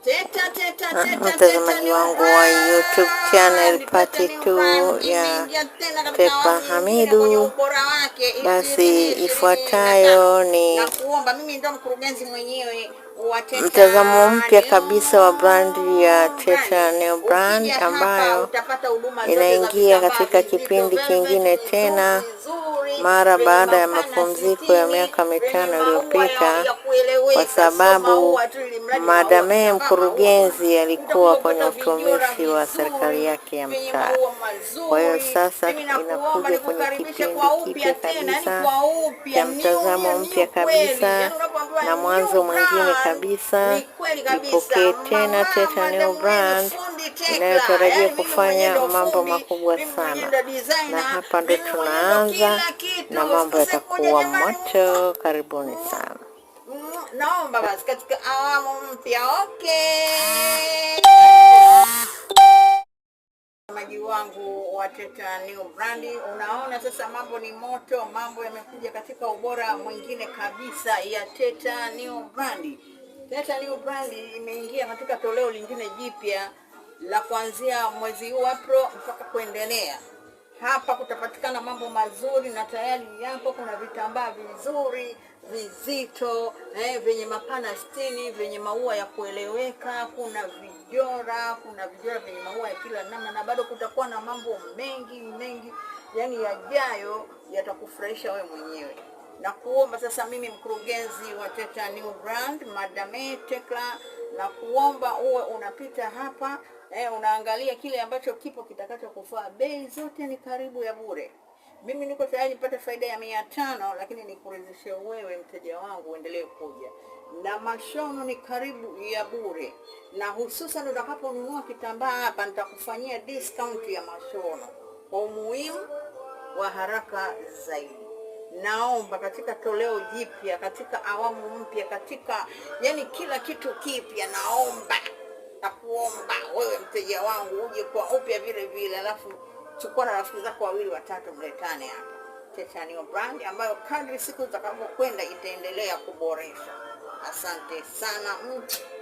Ah, mtazamaji wangu wa YouTube channel pati tu ya Pepa Hamidu, basi ifuatayo ni mtazamo mpya kabisa wa brandi ya Teta Brand ambayo inaingia katika kipindi kingine tena mara baada ya mapumziko ya miaka mitano iliyopita, kwa sababu madame mkurugenzi alikuwa kwenye utumishi wa serikali yake ya mtaa. Kwa hiyo sasa inakuja kwenye kipindi kipya kabisa cha mtazamo mpya kabisa na mwanzo mwingine kabisa. Ipokee tena Teta New Brand inayotarajia kufanya mambo makubwa sana, na hapa ndo tunaanza na mambo yatakuwa moto. Karibuni sana. Naomba basi katika awamu mpya okay. Maji wangu wa Teta New Brand, unaona sasa mambo ni moto, mambo yamekuja katika ubora mwingine kabisa ya Teta New Brand. Teta New Brand imeingia katika toleo lingine jipya la kuanzia mwezi huu April mpaka kuendelea hapa kutapatikana mambo mazuri na tayari yapo. Kuna vitambaa vizuri vizito eh, vyenye mapana sitini vyenye maua ya kueleweka. Kuna vijora, kuna vijora vyenye maua ya kila namna, na bado kutakuwa na mambo mengi mengi, yani yajayo yatakufurahisha wewe mwenyewe na kuomba sasa, mimi mkurugenzi wa Teta New Brand Madame Tekla, na kuomba uwe unapita hapa eh, unaangalia kile ambacho kipo kitakachokufaa. Bei zote ni karibu ya bure. Mimi niko tayari nipate faida ya mia tano, lakini nikuridhishe wewe mteja wangu uendelee kuja na mashono ni karibu ya bure, na hususan utakaponunua kitambaa hapa nitakufanyia discount ya mashono kwa umuhimu wa haraka zaidi. Naomba katika toleo jipya, katika awamu mpya, katika yani kila kitu kipya, naomba nakuomba wewe mteja wangu uje kwa upya vile vile, alafu chukua na rafiki zako wawili watatu, mletane hapa Tetanio brand ambayo kadri siku zitakavyokwenda itaendelea kuboresha Asante sana mtu